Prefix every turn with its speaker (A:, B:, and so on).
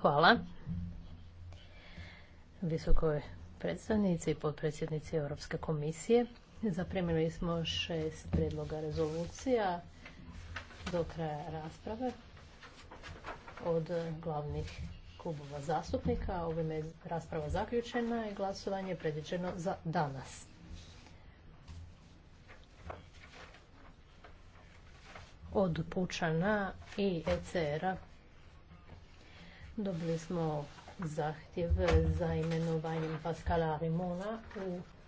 A: Hvala. Visokoj predstavnici i potpredsjednici Europske komisije. Zaprimili smo šest predloga rezolucija do kraja rasprave od glavnih klubova zastupnika. Ovime je rasprava zaključena i glasovanje je predviđeno za danas. Od Pučana i ECR-a Dobili smo zahtjev za imenovanjem Paskala
B: Rimona. u